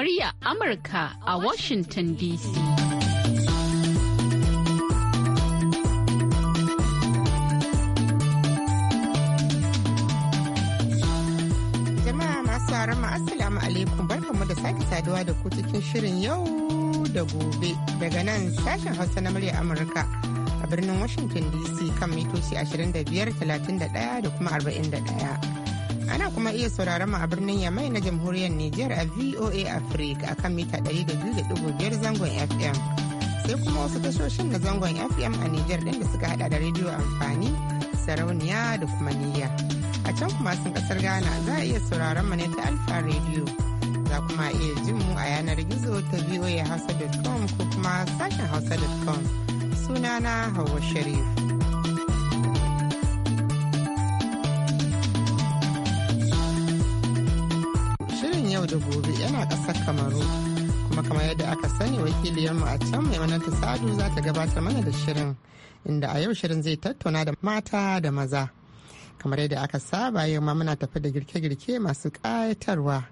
murya Amurka a Washington DC. Jama'a masu harama Assalamu alaikum mu da sake saduwa da ku cikin shirin yau da gobe daga nan sashen Hausa na murya Amurka a birnin Washington DC kan mitoci 25, 31 da kuma 41. Ana kuma iya sauraron mu a birnin Yamai na jamhuriyar Nijar a VOA Africa a kan mita 200.5 zangon FM. Sai kuma wasu tashoshin na zangon FM a Nijar ɗin da suka hada da rediyo amfani, sarauniya da kuma niyya. A can kuma sun kasar Ghana za a iya sauraron mu ne ta Alfa Radio. Za kuma iya jin mu a yanar gizo ta Hausa.com ko kuma sashen hausa.com. Sunana Hauwa Sharif. a ƙasar kamaru kuma kamar yadda aka sani wakiliyarmu a can mai maimunatu sadu za ta gabatar mana da shirin inda a yau shirin zai tattauna da mata da maza kamar yadda aka saba yau ma muna tafi da girke-girke masu ƙayatarwa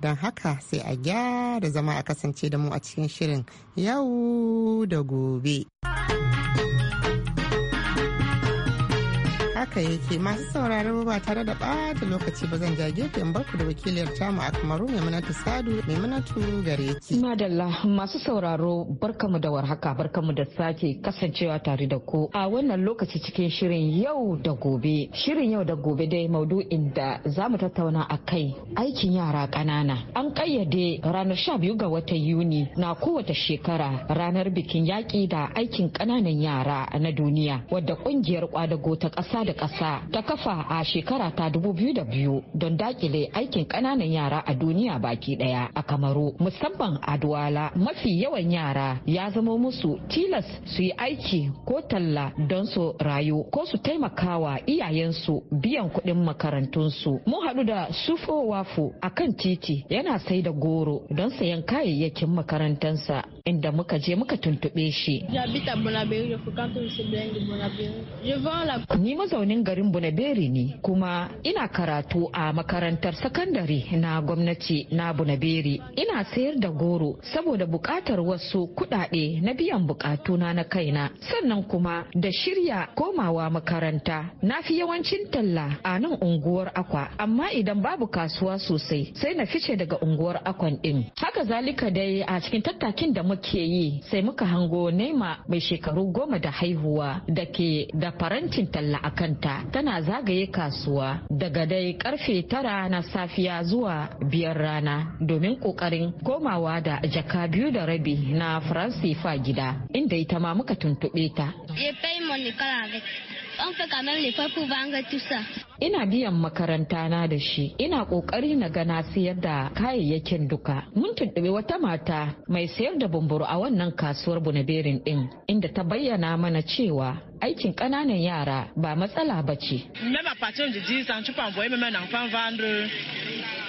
don haka sai a gyara zama a kasance da mu a cikin shirin yau da gobe. haka yake masu sauraro ba tare da ɓata lokaci ba zan ja gefe in barku da wakiliyar tamu a kamaru manatu sadu manatu gare ki. madalla masu sauraro barkamu da warhaka barkamu da sake kasancewa tare da ku a wannan lokaci cikin shirin yau da gobe shirin yau da gobe dai maudu'in da za mu tattauna a kai aikin yara ƙanana an ƙayyade ranar sha biyu ga watan yuni na kowace shekara ranar bikin yaƙi da aikin ƙananan yara na duniya wadda ƙungiyar ƙwadago ta ƙasa da ƙasa ta kafa a shekara ta biyu don dakile aikin ƙananan yara a duniya baki ɗaya a kamaru musamman a duwala mafi yawan yara ya zama musu tilas su yi aiki ko talla don su rayu ko su taimakawa iyayensu biyan kuɗin makarantunsu mun haɗu da sufo wafu a kan titi yana sai da goro don sayan kayayyakin makarantarsa inda muka je muka tuntuɓe shi. Ni mazaunin garin Bunaberi ne kuma ina karatu a makarantar sakandare na gwamnati na Bunaberi. Ina sayar da goro saboda bukatar wasu kuɗaɗe na biyan bukatuna na kaina. Sannan kuma da shirya komawa makaranta na fi yawancin talla a nan unguwar akwa amma idan babu kasuwa sosai sai na fice daga unguwar akwan ɗin. Haka zalika dai a cikin tattakin da mu muke yi sai muka hango nema mai shekaru goma da haihuwa da ke da farantin talla a kanta tana zagaye kasuwa daga dai karfe tara na safiya zuwa biyar rana domin kokarin komawa da jaka biyu da rabi na faransifa gida inda ita ma muka tuntube ta. an fi kamar lifafu ba pour Ina biyan makaranta na da shi, ina kokari na gana sayar da kayayyakin duka. Mun tuntuɓi wata mata mai sayar da bumburu a wannan kasuwar Bunaberin ɗin, inda ta bayyana mana cewa aikin ƙananan yara ba matsala ba ce.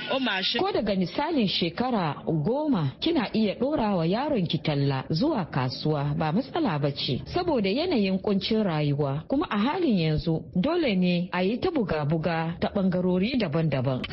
Ko daga misalin shekara goma kina iya ɗora wa yaron ki talla zuwa kasuwa ba matsala ba ce saboda yanayin kuncin rayuwa kuma a halin yanzu dole ne a yi ta buga-buga ta ɓangarori daban-daban.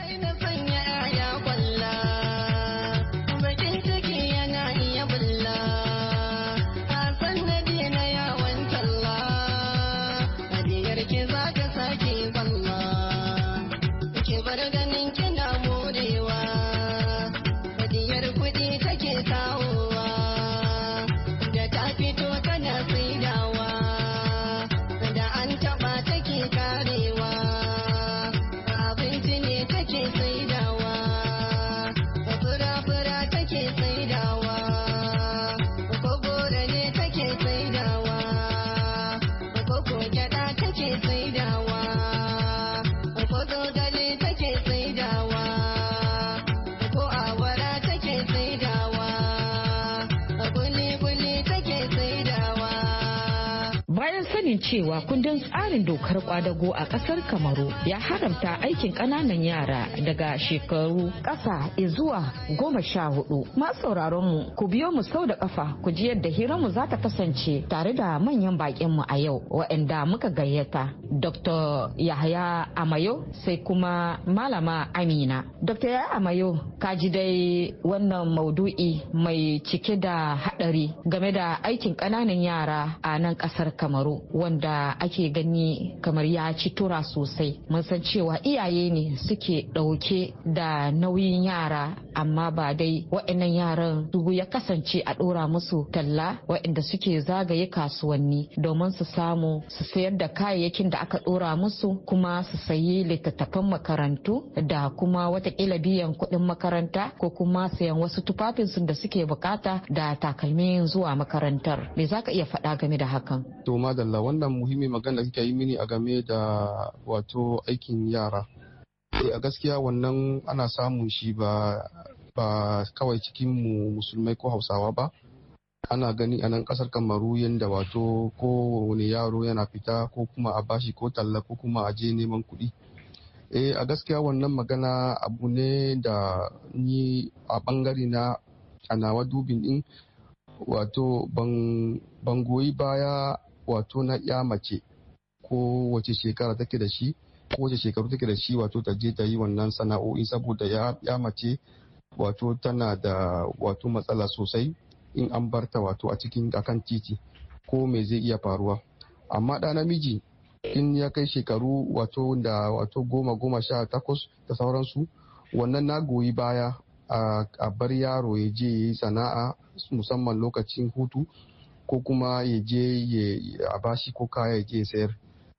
cewa kundin tsarin dokar kwadago a kasar kamaru ya haramta aikin kananan yara daga shekaru kasa zuwa goma sha hudu ma sauraron mu ku biyo mu sau da kafa ku ji yadda hirar mu za ta kasance tare da manyan bakin mu a yau waɗanda muka gayyata dr yahaya amayo sai kuma malama amina dr yahaya amayo ji dai wannan maudu'i mai cike da haɗari game da aikin ƙananan yara a nan ƙasar kamaru wanda da ake gani kamar ya ci tura sosai mun san cewa iyaye ne suke dauke da nauyin yara amma ba dai wa'annan yaran dubu ya kasance a ɗora musu talla wa'anda suke zagaye kasuwanni domin su samu su sayar da kayayyakin da aka ɗora musu kuma su sayi littattafan makarantu da kuma watakila biyan kuɗin makaranta ko kuma sayan wasu tufafinsu da suke bukata da takalmin zuwa makarantar me zaka iya faɗa game da hakan to madalla wannan muhimmin magana kike yi mini a game da wato aikin yara Eh, a gaskiya wannan ana samun shi ba ba kawai cikin mu musulmai ko hausawa ba ana gani a nan kasar kamaru yadda wato ko wani yaro yana fita ko kuma a bashi ko talla ko kuma a je neman kuɗi eh a gaskiya wannan magana abu ne da ni a bangare na a nawa dubin din wato ban goyi baya wato na ya mace ko wace shekara take da shi kowace shekaru take da shi wato ta je ta yi wannan sana'o'i saboda ya mace wato tana da wato matsala sosai in an barta wato a cikin akan titi ko me zai iya faruwa amma ɗa namiji in ya kai shekaru wato da wato goma goma sha takwas da sauransu wannan na goyi baya a bar yaro ya je ya yi sana'a musamman lokacin hutu ko kuma ya je ya bashi ko kaya ya je sayar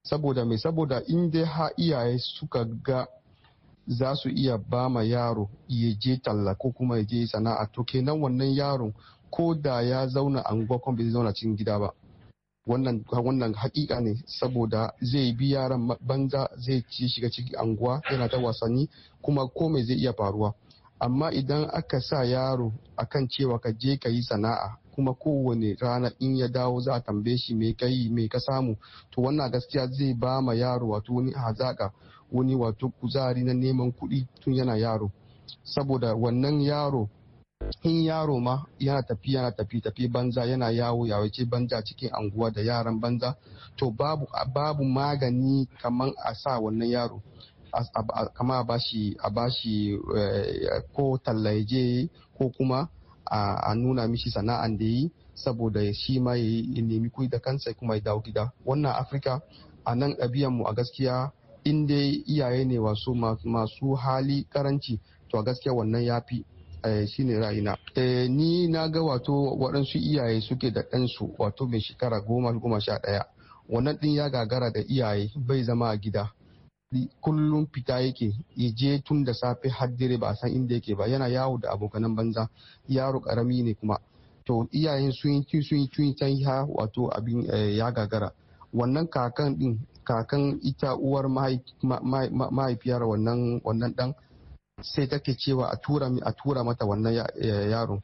saboda mai saboda in dai ha iyaye suka ga za su iya ba ma yaro ya je talla ko kuma ya je sana'a to kenan wannan yaron ko da ya zauna a gwakon bai zauna cikin gida ba wannan wannan hakika ne saboda zai bi yaran banza zai ci shiga cikin anguwa yana ta wasanni kuma komai zai iya faruwa amma idan aka sa yaro akan cewa ka je ka yi sana'a kuma kowane rana in ya dawo za a tambaye shi me kai me ka samu to wannan gaskiya zai ba ma yaro wato wani hazaka wani wato kuzari na neman kuɗi tun yana yaro saboda wannan yaro in yaro ma yana tafi yana tafi tafi banza yana yawo ce banza cikin anguwa da yaran banza to babu babu magani kaman a sa wannan yaro kama a bashi eh, ko tallaje ko kuma a nuna mishi sana'an da yi saboda shi ma ya nemi kuɗi da kansa kuma ya dawo gida wannan afirka a nan mu a gaskiya in dai iyaye ne wasu masu hali karanci to a gaskiya wannan ya fi eh, shine ra'ayina eh, ni na ga wato waɗansu iyaye suke da ɗansu wato mai shekara goma goma sha ɗaya wannan ɗin ya gagara da iyaye bai zama a gida kullum fita yake ya je tun da safe har dare ba a san inda yake ba yana yawo da abokanan banza yaro karami ne kuma to iyayen sun yi sun yi ta ha wato abin eh, ya gagara wannan kakan din kakan ita uwar mahaifiyar wannan wannan dan sai take cewa a tura a tura mata wannan eh, yaro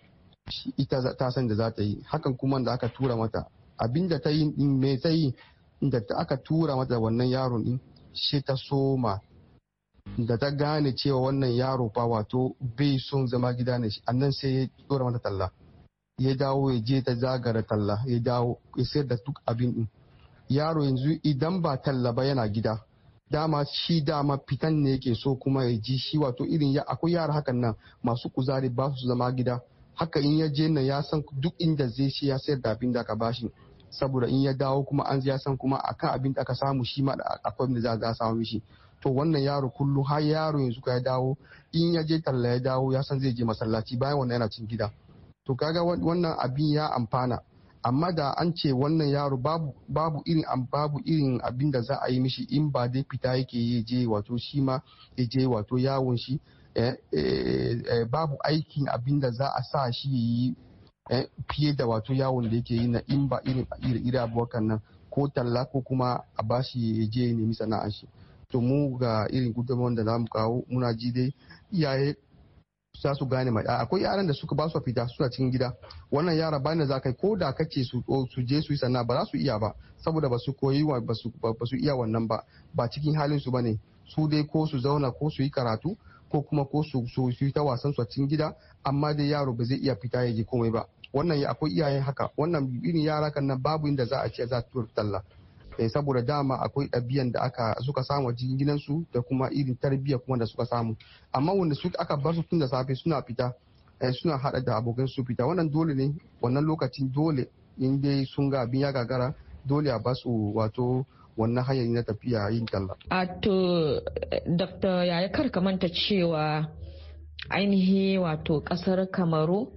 ita ta san da za ta yi hakan kuma da aka tura mata abinda ta yi me ta yi da aka tura mata wannan yaron din shi ta soma da ta gane cewa wannan yaro fa wato bai son zama gida ne shi annan sai ya dora mata talla ya dawo ya je ta zagara talla ya dawo ya sayar da duk abin din yaro yanzu idan ba talla ba yana gida dama shi dama fitan ne yake so kuma ya ji shi wato irin ya akwai yara hakan nan masu kuzari ba su zama gida haka in ya je nan ya san duk inda zai shi ya sayar da abin da ka bashi saboda in ya dawo kuma an ya san kuma akan abin da aka samu shi ma akwai da za a samu mishi to wannan yaro kullum har yaro yanzu ka ya dawo in ya je talla ya dawo ya san zai je masallaci bayan wannan yana cin gida to kaga wannan abin ya amfana amma da an ce wannan yaro babu babu irin babu irin abin da za a yi mishi in ba dai fita yake ya je wato shi ma ya je wato yawon shi eh, eh, eh, babu aikin abin da za a sa shi yi Eh, fiye da wato yawon da yake yi na in ba irin iri abubakar nan ko talla ko kuma a bashi ya je ya nemi sana'ar shi to mu ga irin gudunmawar da za mu kawo muna ji dai iyaye za su gane mai akwai yaran da suka ba su fita suna cikin gida wannan yara bayan da za ka ko da kace su su je su yi sana'a ba za su iya ba saboda ba su koyi ba su iya wannan ba ba cikin halin su ne. su dai ko su zauna ko su yi karatu ko kuma ko su yi ta wasan su a cikin gida amma dai yaro ba zai iya fita ya je komai ba wannan akwai iyayen haka wannan irin yara kan nan babu inda za a ce za tura talla eh, saboda dama akwai ɗabi'an da aka suka samu a cikin gidansu da kuma irin tarbiyya kuma da suka samu amma wanda su aka bar su tun da safe suna fita eh, suna haɗa da abokan su fita wannan dole ne wannan lokacin dole in dai sun ga abin ya gagara dole a basu wato wannan hanyar na tafiya yin talla. A to, Dr. Yaya kar ka manta cewa ainihi wato kasar Kamaru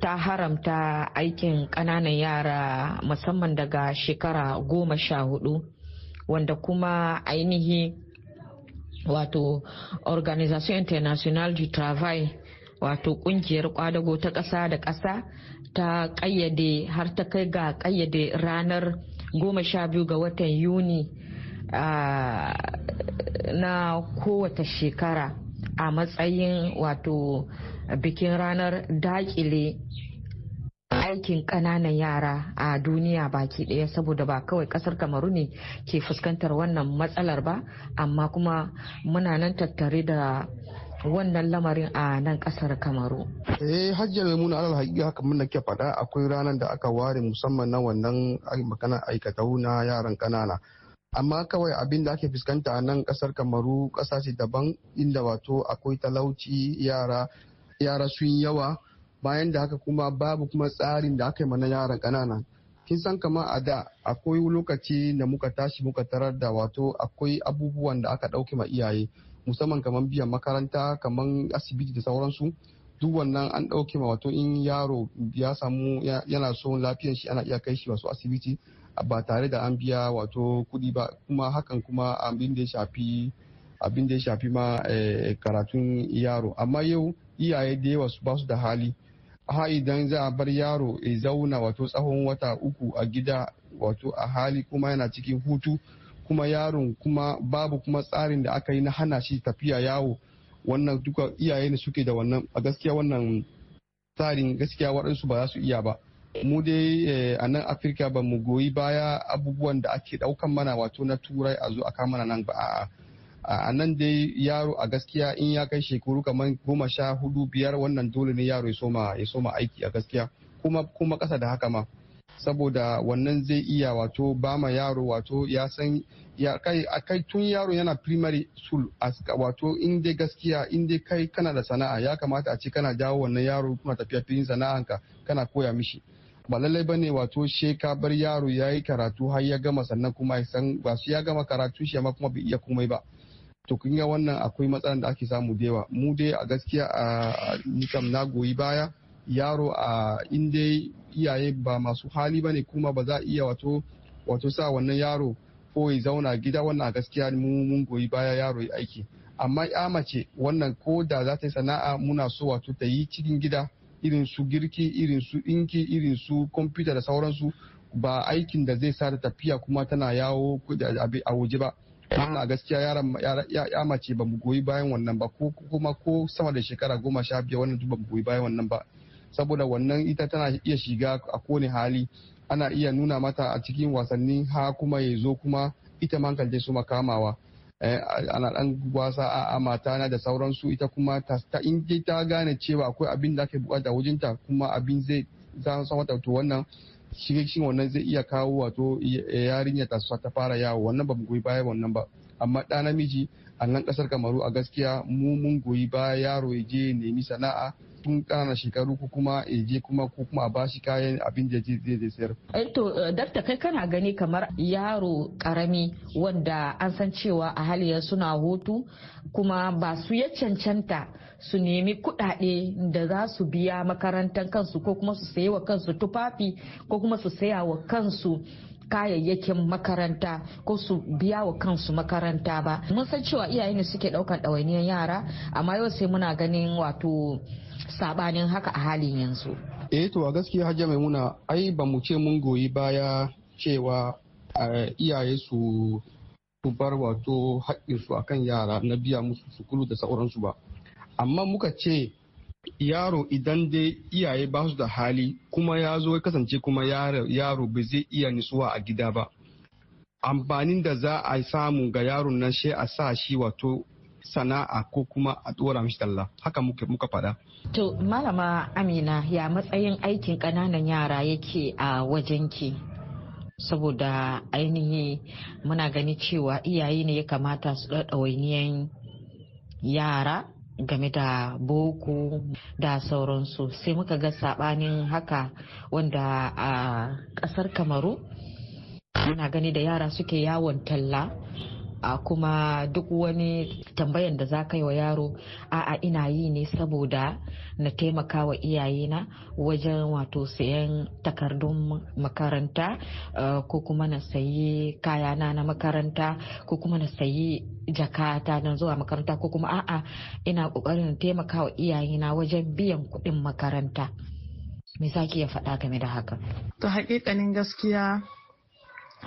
ta haramta aikin ƙananan yara musamman daga shekara goma sha hudu wanda kuma ainihi wato organisation international de travail wato kungiyar kwadago ta ƙasa da ƙasa ta kayyade har ta kai ga ƙayyade ranar goma sha biyu ga watan yuni na kowace shekara a matsayin wato bikin ranar dakile aikin ƙananan yara a duniya baki ɗaya saboda ba kawai ƙasar kamaru ne ke fuskantar wannan matsalar ba amma kuma muna nan tattare da wannan lamarin a nan kasar kamaru. eh hajjar maimuna alal haƙiƙa haka mun ke faɗa akwai ranar da aka ware musamman na wannan magana aikata na yaran kanana amma kawai abin da ake fuskanta a nan kasar kamaru ƙasashe daban inda wato akwai talauci yara yara sun yi yawa bayan da haka kuma babu kuma tsarin da aka yi mana yaran ƙanana kin san kama a da akwai lokaci da muka tashi muka tarar da wato akwai abubuwan da aka ɗauke ma iyaye musamman kamar biyan makaranta kamar asibiti da sauransu duk wannan an ɗauke ma wato in yaro ya samu yana so lafiyan shi ana iya kai shi wasu asibiti ba tare da an biya wato kuɗi ba kuma hakan kuma abin da ya abin da ya shafi ma eh, karatun yaro amma yau iyaye da yawa ba su da hali ha idan za a bar yaro ya zauna wato tsawon wata uku a gida wato a hali kuma yana cikin hutu kuma yaron kuma babu kuma tsarin da aka yi na hana shi tafiya yawo wannan duka iyaye ne suke da wannan a gaskiya wannan tsarin gaskiya waɗansu ba za su iya ba mu dai eh, a nan afirka ba mu goyi baya abubuwan da ake ɗaukan mana wato na turai a zo a kama nan ba a'a a nan dai yaro a gaskiya in ya kai shekaru kamar goma sha hudu biyar wannan dole ne yaro ya soma aiki a gaskiya kuma kuma kasa da haka ma saboda wannan zai iya wato ba ma yaro wato ya san ya kai tun yaro yana primary school wato in dai gaskiya in dai kai kana da sana'a ya kamata a ce kana jawo wannan yaro kuma tafiya filin sana'anka kana koya mishi ba lallai bane wato she bar yaro ya yi karatu har ya gama sannan kuma ya san ba su ya gama karatu shi amma kuma bai iya komai ba to kun ga wannan akwai matsalar da ake samu da yawa mu dai a gaskiya a nikam na goyi baya yaro a inda iyaye ba masu hali ba ne kuma ba za a iya wato wato sa wannan yaro ko ya zauna gida wannan a gaskiya mun goyi baya yaro ya aiki amma ya mace wannan ko da za ta yi sana'a muna so wato ta yi cikin gida irin su girki irin su ɗinki irin su kwamfuta da sauransu ba aikin da zai sa ta tafiya kuma tana yawo a waje ba don a gaskiya yaran ya mace ba mu goyi bayan wannan ba ko kuma ko sama da shekara goma sha biyar wannan ba mu goyi bayan wannan ba saboda wannan ita tana iya shiga a kone hali ana iya nuna mata a cikin wasanni ha kuma ya zo kuma ita ma hankalce su makamawa eh, ana dan wasa a mata na da sauransu ita kuma ta in ta gane cewa akwai abin da ake bukata wajenta kuma abin zai za su mata to wannan shi wannan zai iya kawo wato eh, yarinya ta ta fara yawo wannan ba mu goyi baya wannan ba amma ɗa namiji a nan ƙasar kamaru a gaskiya mu mun goyi baya yaro ya je nemi sana'a tun ƙananan shekaru ko kuma je kuma ko kuma a bashi kayan abin da zai zai sayar. Ai eh to eh, dakta kai kana gani kamar yaro karami wanda an san cewa a ya suna hutu kuma ba su ya cancanta su nemi kuɗaɗe da za su biya makarantar kansu ko kuma su sayi wa kansu tufafi ko kuma su saya wa kansu kayayyakin makaranta ko su biya wa kansu makaranta ba mun san cewa iyaye ne suke ɗaukan ɗawainiyar yara amma yau sai muna ganin wato sabanin haka a halin yanzu eh to a gaskiya hajja muna ai ba mu ce mun goyi baya cewa iyaye su bar wato haƙƙinsu akan yara na biya musu sukulu da sauransu ba amma muka ce yaro idan dai iyaye ba su da hali kuma ya zo kasance kuma yaro ba zai iya nutsuwa a gida ba amfanin da za a samu ga yaron nan shi a sa shi wato sana'a ko kuma a tsora mishi talla haka muka, fada. To malama Amina ya matsayin aikin ƙananan yara yake a wajenki saboda ainihi muna gani cewa iyaye ne ya kamata su ɗaɗɗawainiyan yara game da boko da sauransu sai muka ga sabanin haka wanda a kasar kamaru yana gani da yara suke yawon talla a kuma duk wani tambayan da za ka yi wa yaro a'a ina yi ne saboda na taimaka wa iyayena wajen wato sayan takardun makaranta eh, ko kuma na sayi kayana na makaranta ko kuma na sayi jakata na zuwa makaranta ko kuma a'a ina kokarin taimaka wa iyayena wajen biyan kuɗin makaranta me za ki ya faɗa game da haka to hakikanin gaskiya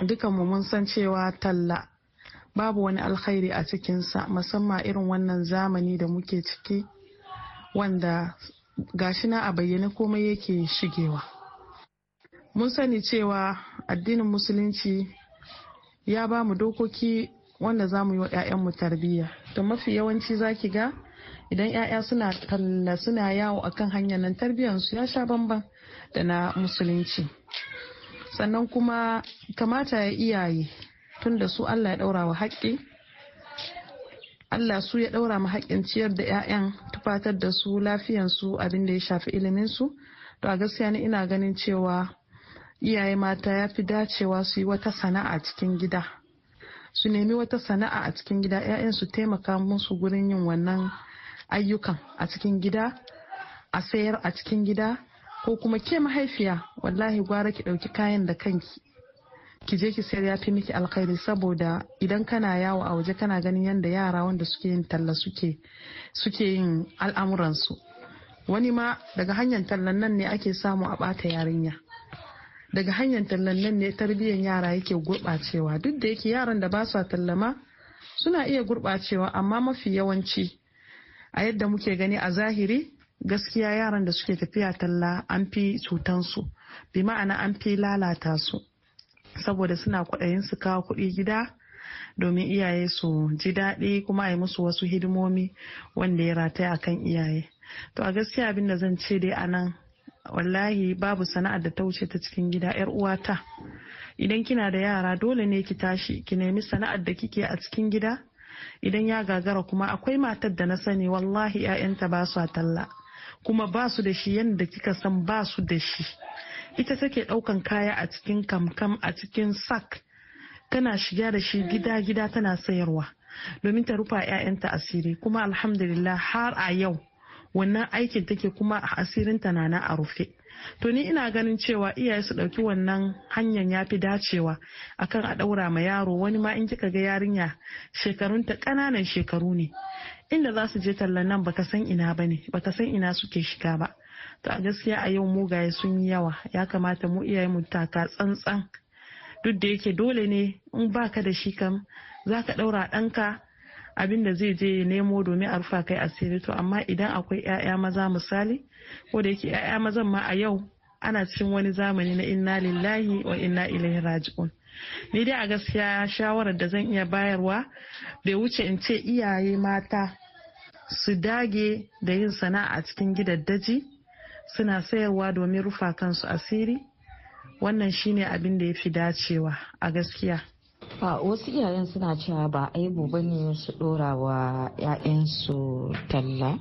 dukanmu mun san cewa talla babu wani alkhairi a cikinsa musamman irin wannan zamani da muke ciki wanda gashi na a bayyane komai yake shigewa mun sani cewa addinin musulunci ya ba mu dokoki wanda za mu yi wa 'ya'yanmu tarbiyya to mafi yawanci za ki ga idan 'ya'ya suna talla suna yawo akan hanyar nan tarbiyyarsu ya sha bamban da na musulunci sannan kuma kamata ya iyaye tunda su Allah ya daura wa haƙƙi Allah su ya daura ma haƙƙin ciyar da 'ya'yan tufatar da su lafiyan su abin da ya shafi ilimin su to a gaskiya ne ina ganin cewa iyaye mata ya fi dacewa su yi wata sana'a cikin gida su nemi wata sana'a a cikin gida 'ya'yan su taimaka musu gurin yin wannan ayyukan a cikin gida a sayar a cikin gida ko kuma ke mahaifiya wallahi gwara ki ɗauki kayan da kanki ki je ki sayar ya fi miki alkhairi saboda idan kana yawo a waje kana ganin yadda yara wanda suke yin talla suke yin al'amuransu wani ma daga hanyar tallan nan ne ake samu a bata yarinya daga hanyar tallan nan ne tarbiyyar yara yake gurɓacewa duk da yake yaran da ba su tallama suna iya gurɓacewa amma mafi yawanci a yadda muke gani a zahiri gaskiya yaran da suke tafiya talla an fi cutansu bi ma'ana an fi lalata su saboda suna kwaɗayin su kawo kuɗi gida domin iyaye su ji daɗi kuma a yi musu wasu hidimomi wanda ya rataya a kan iyaye to a gaskiya abin da zan ce dai a nan wallahi babu sana'ar da ta wuce ta cikin gida yar uwata idan kina da yara dole ne ki tashi ki nemi sana'ar da kike a cikin gida idan ya gagara kuma akwai matar da na sani wallahi 'ya'yanta ba su talla kuma ba su da shi yadda kika san ba su da shi ita take daukan kaya a cikin kamkam a cikin sak tana shiga da shi gida-gida tana sayarwa domin ta rufa 'ya'yanta asiri kuma alhamdulillah har a yau wannan aikin take kuma asirinta na na a rufe to ni ina ganin cewa iyaye su ɗauki wannan hanyar ya fi dacewa akan a ɗaura ma yaro wani ma in kika ga yarinya shekarunta ƙananan shekaru ne inda za su je tallan nan baka san ina ba ne baka san ina suke shiga ba to a gaskiya a yau mugaye sun yi yawa ya kamata mu iyaye mu taka tsantsan duk da yake dole ne in baka da shi kam za ka ɗaura ɗanka abin da zai je ya nemo domin a rufa kai asiri to amma idan akwai 'ya'ya maza misali ko da yake 'ya'ya mazan ma a yau ana cikin wani zamani na inna lillahi wa inna ilaihi raji'un ni dai a gaskiya shawarar da zan iya bayarwa bai wuce in ce iyaye mata su dage da yin sana'a a cikin gidan daji suna sayarwa domin rufa kansu asiri wannan shine abin da ya dacewa a gaskiya a wasu iyayen suna cewa ba aibu ba ne su dora wa 'ya'yansu talla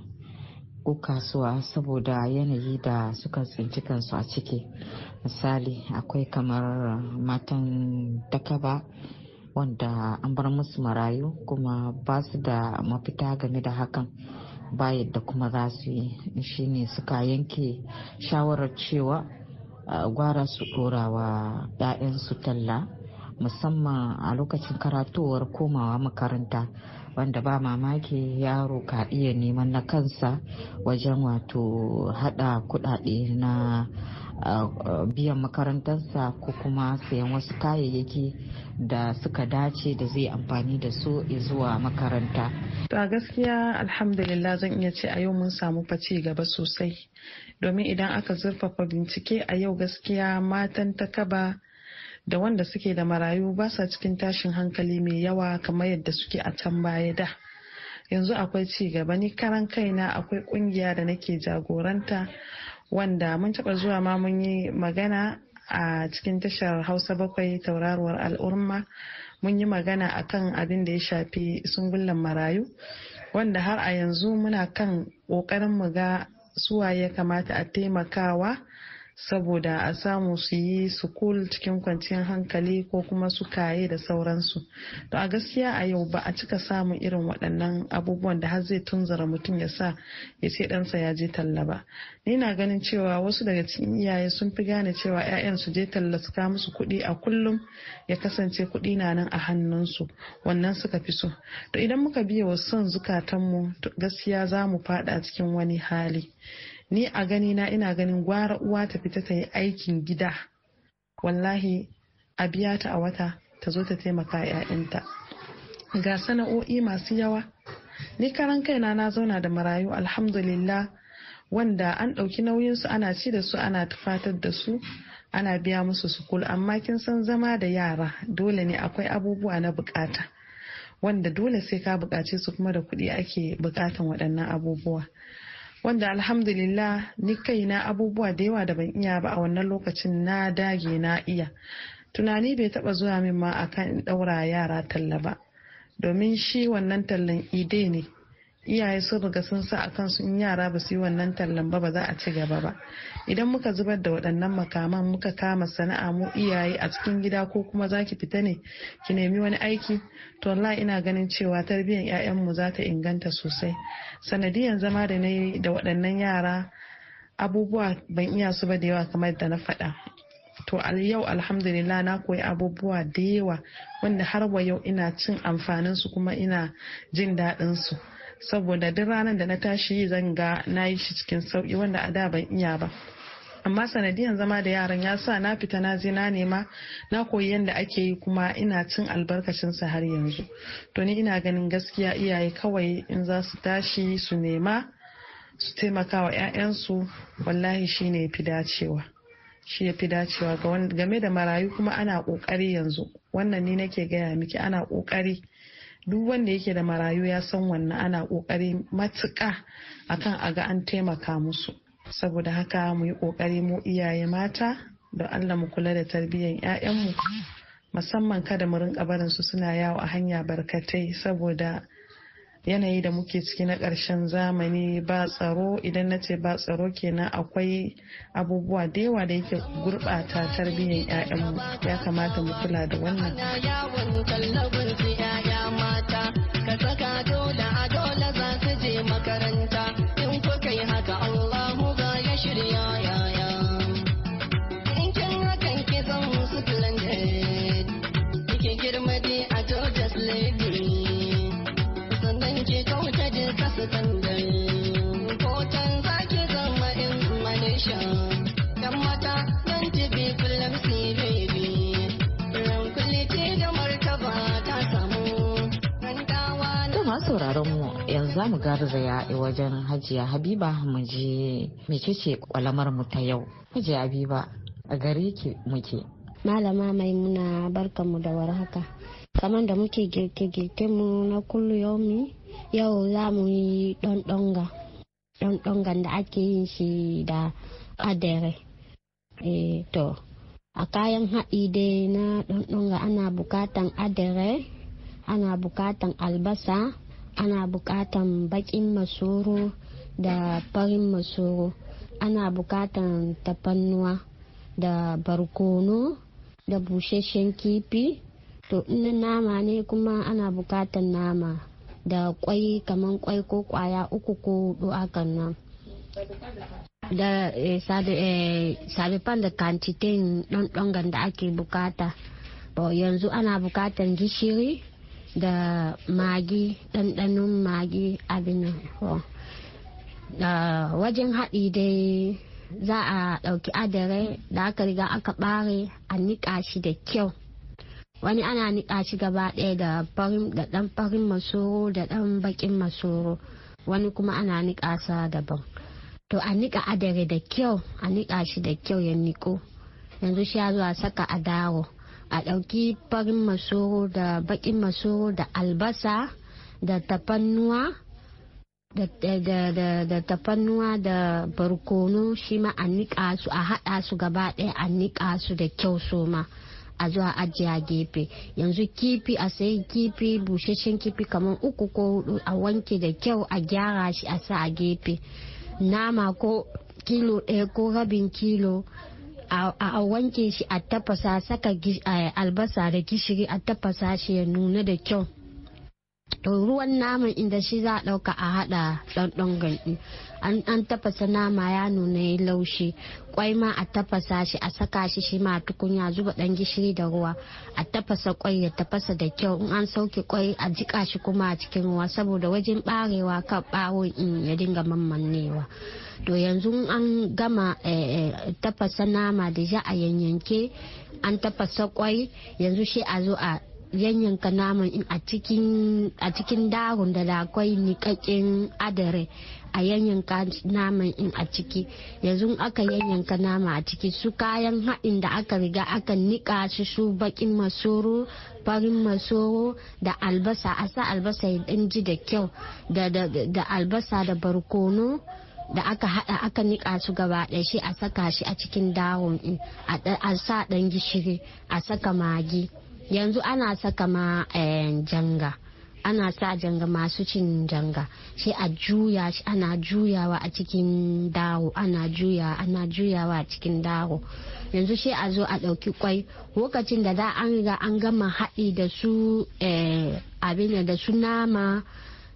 ko kasuwa saboda yanayi da suka tsinci kansu a ciki misali akwai kamar matan takaba wanda an bar musu marayu kuma ba su da mafita game da hakan ba yadda kuma za su yi shine suka yanke shawarar cewa gwara su dora wa 'ya'yansu talla musamman a lokacin karatuwar komawa makaranta wanda ba mamaki yaro ka iya neman na kansa wajen wato hada kudade na biyan makarantarsa ko kuma sayan wasu kayayyaki da suka dace da zai amfani da su zuwa makaranta. To a gaskiya alhamdulillah zan iya ce a yau mun samu faci gaba sosai domin idan aka zurfafa bincike a yau gaskiya matan ta kaba da wanda suke da marayu ba sa cikin tashin hankali mai yawa kamar yadda suke a can baya da yanzu akwai ci gaba ni karan kaina akwai kungiya da nake jagoranta wanda mun taba zuwa ma mun yi magana a cikin tashar hausa bakwai tauraruwar al'umma mun yi magana akan abin da ya shafi sungullan marayu wanda har a yanzu muna kan kokarin mu ga suwaye kamata a taimakawa saboda a samu su yi sukul cikin kwanciyar hankali ko kuma su kaye da sauransu to a gaskiya a yau ba a cika samun irin waɗannan abubuwan da har zai tunzara mutum ya sa ya ce ɗansa ya je talla ba ni na ganin cewa wasu daga cikin iyaye sun fi gane cewa 'ya'yan su je talla su kawo musu kuɗi a kullum ya kasance kuɗi na nan a hannunsu wannan suka fi so to idan muka biya wa son zukatanmu gaskiya za mu faɗa cikin wani hali ni a gani na ina ganin gwara uwa ta fita ta yi aikin gida wallahi a biya ta a wata ta zo ta taimaka 'ya'yanta ga sana'o'i masu yawa ni karan kaina na zauna da marayu alhamdulillah wanda an ɗauki nauyinsu ana ci da su ana tufatar da su ana biya musu sukul amma kin san zama da yara dole ne akwai abubuwa na bukata wanda dole sai ka bukace su kuma da kuɗi ake bukatan waɗannan abubuwa wanda alhamdulillah ni kai na abubuwa da yawa da ban iya ba a wannan lokacin na dage na iya tunani bai taba zuwa min ma akan in daura yara talla ba domin shi wannan tallan ide ne iyaye sun riga sun sa a kansu in yara ba su yi wannan tallan ba ba za a ci gaba ba idan muka zubar da waɗannan makaman muka kama sana'a mu iyaye a cikin gida ko kuma za ki fita ne ki nemi wani aiki to wallahi ina ganin cewa tarbiyyar mu za ta inganta sosai sanadiyan zama da na yi da waɗannan yara abubuwa ban iya su ba da yawa kamar da na faɗa to yau alhamdulillah na koyi abubuwa da yawa wanda har wa yau ina cin amfanin su kuma ina jin daɗin su saboda duk ranar da na tashi zan ga na yi shi cikin sauki wanda a da ban iya ba amma sanadiyan zama da yaran ya sa na fita na je na nema na koyi yadda ake yi kuma ina cin albarkacin sa har yanzu to ni ina ganin gaskiya iyaye kawai in za su tashi su nema su taimaka wa 'ya'yansu wallahi shine ya fi dacewa shi ya fi dacewa game da marayu kuma ana kokari yanzu wannan ni nake gaya miki ana kokari duk wanda yake da marayu ya san wannan ana kokari matuƙa akan a ga an taimaka musu saboda haka mu yi kokari mu iyaye mata da allah mu kula da tarbiyyar 'ya'yanmu musamman kada mu rinka barin su suna yawo a hanya barkatai saboda yanayi da muke ciki na ƙarshen zamani ba tsaro idan na ce ba tsaro kenan akwai abubuwa da yawa da yake gurɓata tarbiyyar 'ya'yanmu ya kamata mu kula da wannan sauraron mu yanzu za mu garzaya wajen hajiya habiba mu je mecece kwalamar mu ta yau hajiya habiba a gare ki muke malama maimuna mu da warhaka kamar da muke girke-girke mu na kullu yomi yau za mu yi don donga da ake yin shi da adere e, eh, to a kayan haɗi dai na ɗanɗonga ana bukatan adere ana bukatan albasa ana bukatan bakin masoro da farin masoro ana bukatan tafannuwa da barkono da busasshen kifi to ina nama ne kuma ana bukatan nama da kwai kaman kwai ko kwaya uku ko hudu hakan nan da eh, sabifan eh, da kantitin ɗanɗangan da ake bukata yanzu ana bukatan gishiri da magi ɗanɗanon magi abin da wajen haɗi dai za a ɗauki adare da aka riga aka ɓare a niƙa shi da kyau wani ana niƙa shi gaba ɗaya da ɗan farin masoro da ɗan baƙin masoro wani kuma ana niƙa sa daban to a niƙa adare da kyau a niƙa shi da kyau ya niƙo yanzu shi ya zuwa saka a daro a ɗauki farin masoro da baƙin masoro da albasa da tafannuwa da, tafannuwa da barkono shi ma a niƙa su a haɗa su gaba ɗaya a niƙa su da kyau so ma a zuwa ajiye a gefe yanzu kifi a sayi kifi busheshen kifi kamar uku ko hudu a wanke da kyau a gyara shi a sa a gefe nama ko kilo ɗaya ko rabin kilo a a wanke shi a tafasa saka albasa da gishiri a tafasa shi ya nuna da kyau ruwan naman inda shi za a ɗauka a haɗa ɗanɗan gari an tafasa nama ya nuna ya laushi kwai ma a tafasa shi a saka shi shi ma tukunya zuba ɗan gishiri da ruwa a tafasa kwai ya tafasa da kyau in an sauke kwai a jika shi kuma a cikin ruwa saboda wajen barewa kan bawo in ya dinga mammannewa to yanzu an gama eh, eh, tafasa nama da za a yanyanke an tafasa kwai yanzu shi a zo a yanyanka naman in a cikin daron da da akwai nikakken adare a yanyanka naman in a ciki yanzu aka yanyanka nama a ciki su kayan haɗin da aka riga aka nika su su bakin masoro farin masoro da albasa a sa albasa ya ɗan ji da kyau da albasa da barkono da aka hada aka nika su gaba ɗaya shi a saka shi a cikin dawon a sa ɗan gishiri a saka magi yanzu ana saka ma eh, janga ana sa janga masu cin janga shi a juya shi ana juyawa a cikin dawo ana juya ana juyawa a cikin dawo yanzu shi a zo a ɗauki kwai lokacin da za an riga an gama haɗi da su eh, abin da su nama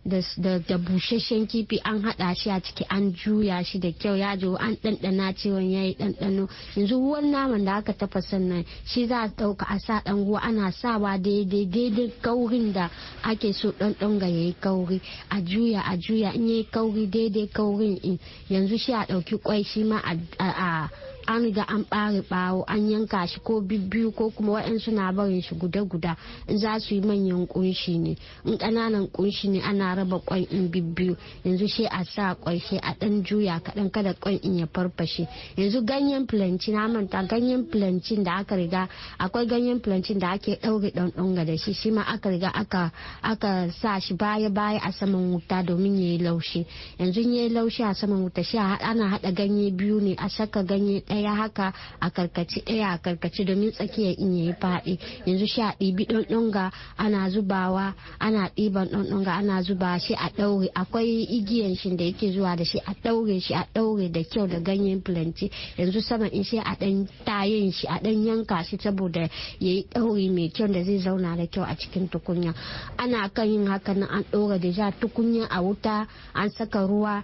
da busasshen kifi an hada shi a ciki an juya shi da kyau ya jiwo an ɗanɗana cewa ya yi ɗanɗano yanzu ruwan naman da aka tafasa nan shi za a ɗauka a sa ɗan ruwa ana sawa daidai daidai kaurin da ake so ɗanɗan ga ya yi kauri a juya a juya in ya yi kauri daidai kaurin in yanzu shi a ɗauki kwai shi ma a an riga an bare bawo an yanka shi ko bibbiyu ko kuma waɗansu na barin shi guda-guda in za su yi manyan kunshi ne in ƙananan kunshi ne ana raba kwan in bibbiyu yanzu shi a sa kwai shi a ɗan juya kaɗan kada kwan in ya farfashe yanzu ganyen filanci na manta ganyen filancin da aka riga akwai ganyen filanci da ake ɗaure ɗanɗunga da shi shi ma aka riga aka aka sa shi baya-baya a saman wuta domin ya yi laushi yanzu ya yi laushi a saman wuta shi ana haɗa ganye biyu ne a saka ganye ɗaya ɗaya haka a karkace ɗaya a karkace domin tsakiyar in yayi faɗi yanzu shi a ɗibi ɗanɗunga ana zubawa ana ɗiban ɗanɗunga ana zuba shi a ɗaure akwai igiyan shi da yake zuwa da shi a ɗaure shi a ɗaure da kyau da ganyen filanci yanzu sama in shi a ɗan tayin shi a ɗan yanka shi saboda yayi ɗaure mai kyau da zai zauna da kyau a cikin tukunya ana kan yin haka na an ɗora da ja tukunya a wuta an saka ruwa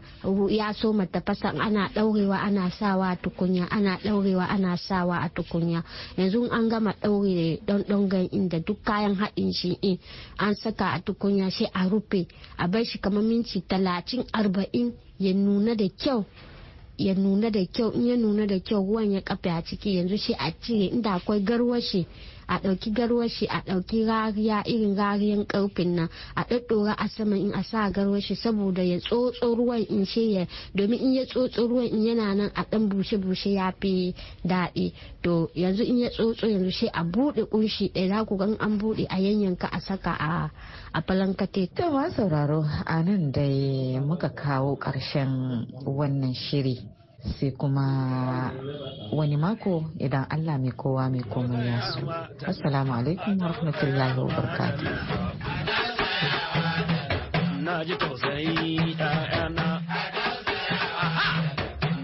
ya soma tafasa ana ɗaurewa ana sawa tukunya ana ɗaurewa ana sawa a tukunya yanzu an gama ɗaure don ɗongan inda duk kayan haɗin shi in an saka a tukunya sai a rufe a bar shi kamar minti talatin arba'in ya nuna da kyau ya nuna da kyau in ya nuna da kyau ruwan ya kafe a ciki yanzu shi a cire inda akwai garwashi a ɗauki garwashi a ɗauki rariya irin rariyan ƙarfin nan a ɗaɗɗora a sama in a sa garwashi saboda ya tsotso ruwan in ce ya domin in ya tsotso ruwan in yana nan a ɗan bushe-bushe ya fi daɗi to yanzu in ya tsotso yanzu shi a buɗe ƙunshi ɗaya za ku gan an buɗe a yanyanka a saka a a falankate. To ma sauraro a nan dai muka kawo ƙarshen wannan shiri. sai kuma wani mako idan Allah mai kowa mai komai ya su Assalamu alaikum wa rahmatullahi wa barkatu. Na ji tausayi ɗa'yana.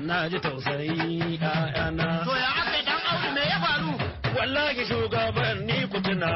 Na ji tausayi ɗa'yana. To ya dan aure me ya faru? Wallahi shugaban ni kutuna.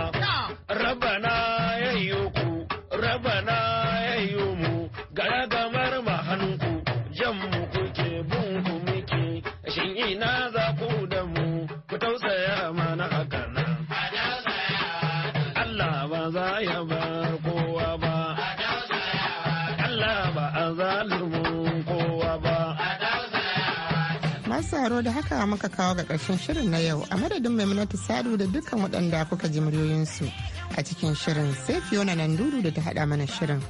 aro da haka muka kawo ga ƙarshen shirin na yau a madadin maimunatu sadu da dukkan waɗanda kuka ji muryoyinsu a cikin shirin sai fiona nan dudu da ta haɗa mana shirin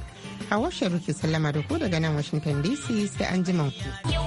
hawa sharuki salama da ku daga nan washington dc sai an ji ku.